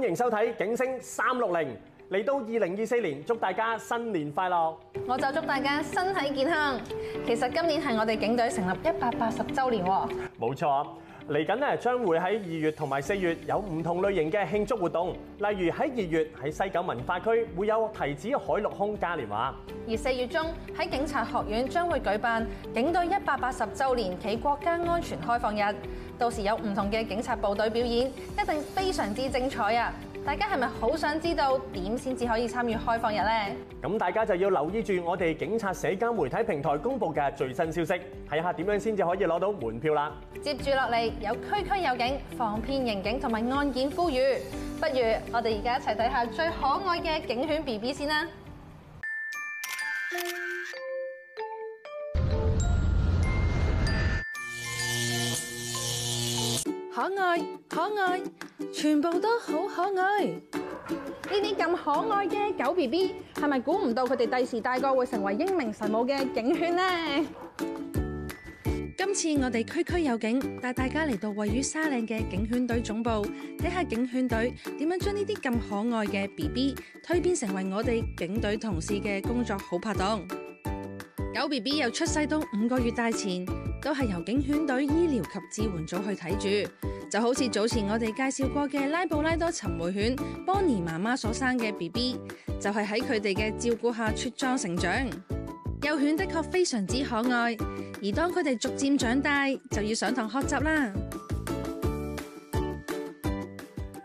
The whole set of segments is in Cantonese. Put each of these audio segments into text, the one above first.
歡迎收睇《警聲三六零》，嚟到二零二四年，祝大家新年快樂！我就祝大家身體健康。其實今年係我哋警隊成立一百八十週年喎，冇錯。嚟緊呢，將會喺二月同埋四月有唔同類型嘅慶祝活動，例如喺二月喺西九文化區會有提子海陸空嘉年華，而四月中喺警察學院將會舉辦警隊一百八十週年暨國家安全開放日，到時有唔同嘅警察部隊表演，一定非常之精彩啊！大家係咪好想知道點先至可以參與開放日呢？咁大家就要留意住我哋警察社交媒體平台公布嘅最新消息，睇下點樣先至可以攞到門票啦。接住落嚟有區區有警防騙刑警同埋案件呼籲，不如我哋而家一齊睇下最可愛嘅警犬 BB 先啦。嗯可愛可愛，全部都好可愛。呢啲咁可愛嘅狗 B B 係咪估唔到佢哋第時大個會成為英明神武嘅警犬呢？今次我哋區區有警，帶大家嚟到位於沙嶺嘅警犬隊總部，睇下警犬隊點樣將呢啲咁可愛嘅 B B 蛻變成為我哋警隊同事嘅工作好拍檔。狗 B B 由出世到五個月大前，都係由警犬隊醫療及支援組去睇住。就好似早前我哋介紹過嘅拉布拉多尋回犬 Bonnie 媽媽所生嘅 B B，就係喺佢哋嘅照顧下茁壯成長。幼犬的確非常之可愛，而當佢哋逐漸長大，就要上堂學習啦。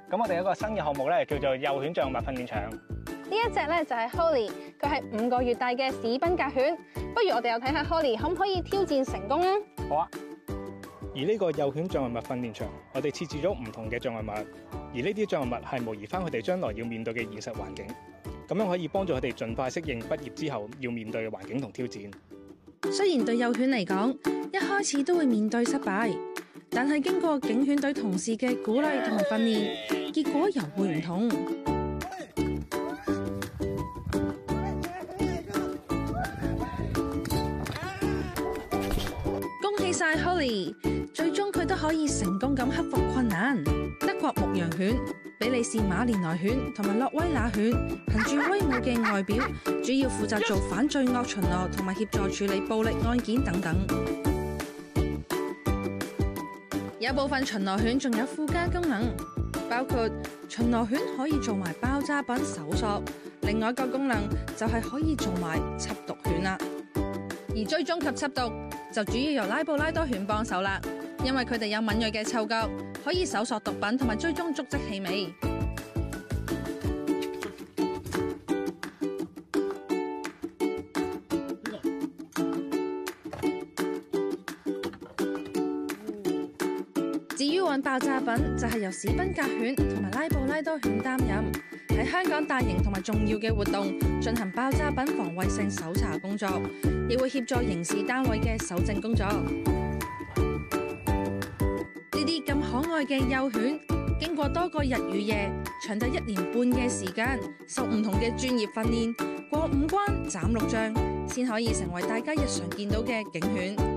咁我哋有個新嘅項目咧，叫做幼犬障物訓練場。呢一隻咧就係、是、Holly，佢係五個月大嘅史賓格犬。不如我哋又睇下 Holly 可唔可以挑戰成功啊？好啊。而呢個幼犬障礙物訓練場，我哋設置咗唔同嘅障礙物，而呢啲障礙物係模擬返佢哋將來要面對嘅現實環境，咁樣可以幫助佢哋盡快適應畢業之後要面對嘅環境同挑戰。雖然對幼犬嚟講，一開始都會面對失敗，但係經過警犬隊同事嘅鼓勵同埋訓練，結果又會唔同。恭喜晒 Holly！可以成功咁克服困難。德國牧羊犬、比利時馬連來犬同埋洛威那犬，憑住威武嘅外表，主要負責做反罪惡巡邏同埋協助處理暴力案件等等。有部分巡邏犬仲有附加功能，包括巡邏犬可以做埋爆炸品搜索。另外一個功能就係可以做埋緝毒犬啦。而追蹤及緝毒就主要由拉布拉多犬幫手啦，因為佢哋有敏銳嘅嗅覺，可以搜索毒品同埋追蹤足跡氣味。爆炸品就係由史賓格犬同埋拉布拉多犬擔任，喺香港大型同埋重要嘅活動進行爆炸品防衛性搜查工作，亦會協助刑事單位嘅搜證工作。呢啲咁可愛嘅幼犬，經過多個日與夜，長達一年半嘅時間，受唔同嘅專業訓練，過五關斬六將，先可以成為大家日常見到嘅警犬。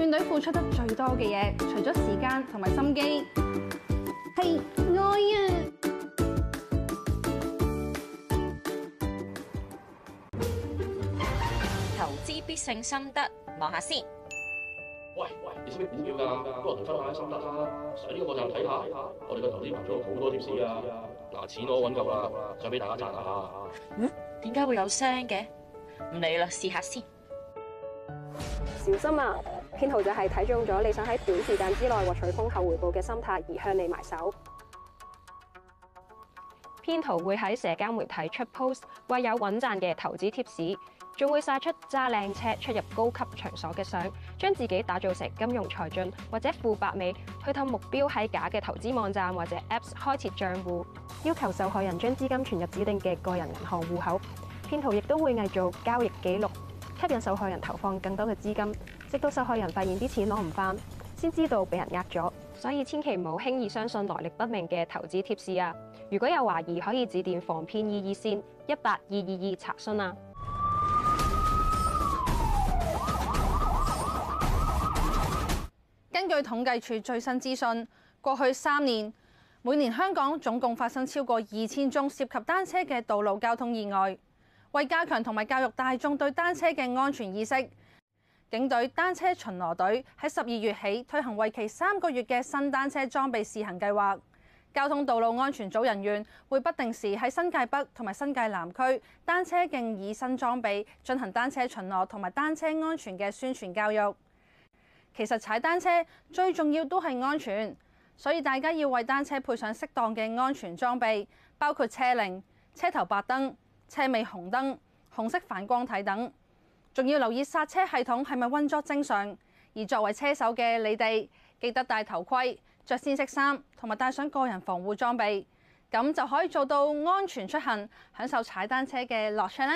團隊付出得最多嘅嘢，除咗時間同埋心機，係愛啊！投資必勝心得，望下先。喂喂，你識咩股票㗎？都話投資睇心得啦，上呢個網站睇下。我哋個投資頻道好多貼士啊，嗱，錢我搵夠啦，想俾大家賺一下。嗯？點解會有聲嘅？唔理啦，試下先。小心啊！騙徒就係睇中咗你想喺短時間之內獲取豐厚回報嘅心態而向你埋手。騙徒會喺社交媒體出 post，話有穩賺嘅投資貼士，仲會晒出揸靚車出入高級場所嘅相，將自己打造成金融財俊或者富白美，去透目標喺假嘅投資網站或者 Apps 開設賬戶，要求受害人將資金存入指定嘅個人銀行戶口。騙徒亦都會偽造交易記錄。吸引受害人投放更多嘅資金，直到受害人發現啲錢攞唔翻，先知道俾人呃咗。所以千祈唔好輕易相信來歷不明嘅投資貼士啊！如果有懷疑，可以致電防騙二二線一八二二二查詢啊。根據統計處最新資訊，過去三年每年香港總共發生超過二千宗涉及單車嘅道路交通意外。為加強同埋教育大眾對單車嘅安全意識，警隊單車巡邏隊喺十二月起推行為期三個月嘅新單車裝備試行計劃。交通道路安全組人員會不定時喺新界北同埋新界南區單車徑以新裝備進行單車巡邏同埋單車安全嘅宣傳教育。其實踩單車最重要都係安全，所以大家要為單車配上適當嘅安全裝備，包括車鈴、車頭白燈。車尾紅燈、紅色反光體等，仲要留意剎車系統係咪運作正常。而作為車手嘅你哋，記得戴頭盔、着鮮色衫同埋戴上個人防護裝備，咁就可以做到安全出行，享受踩單車嘅樂趣啦。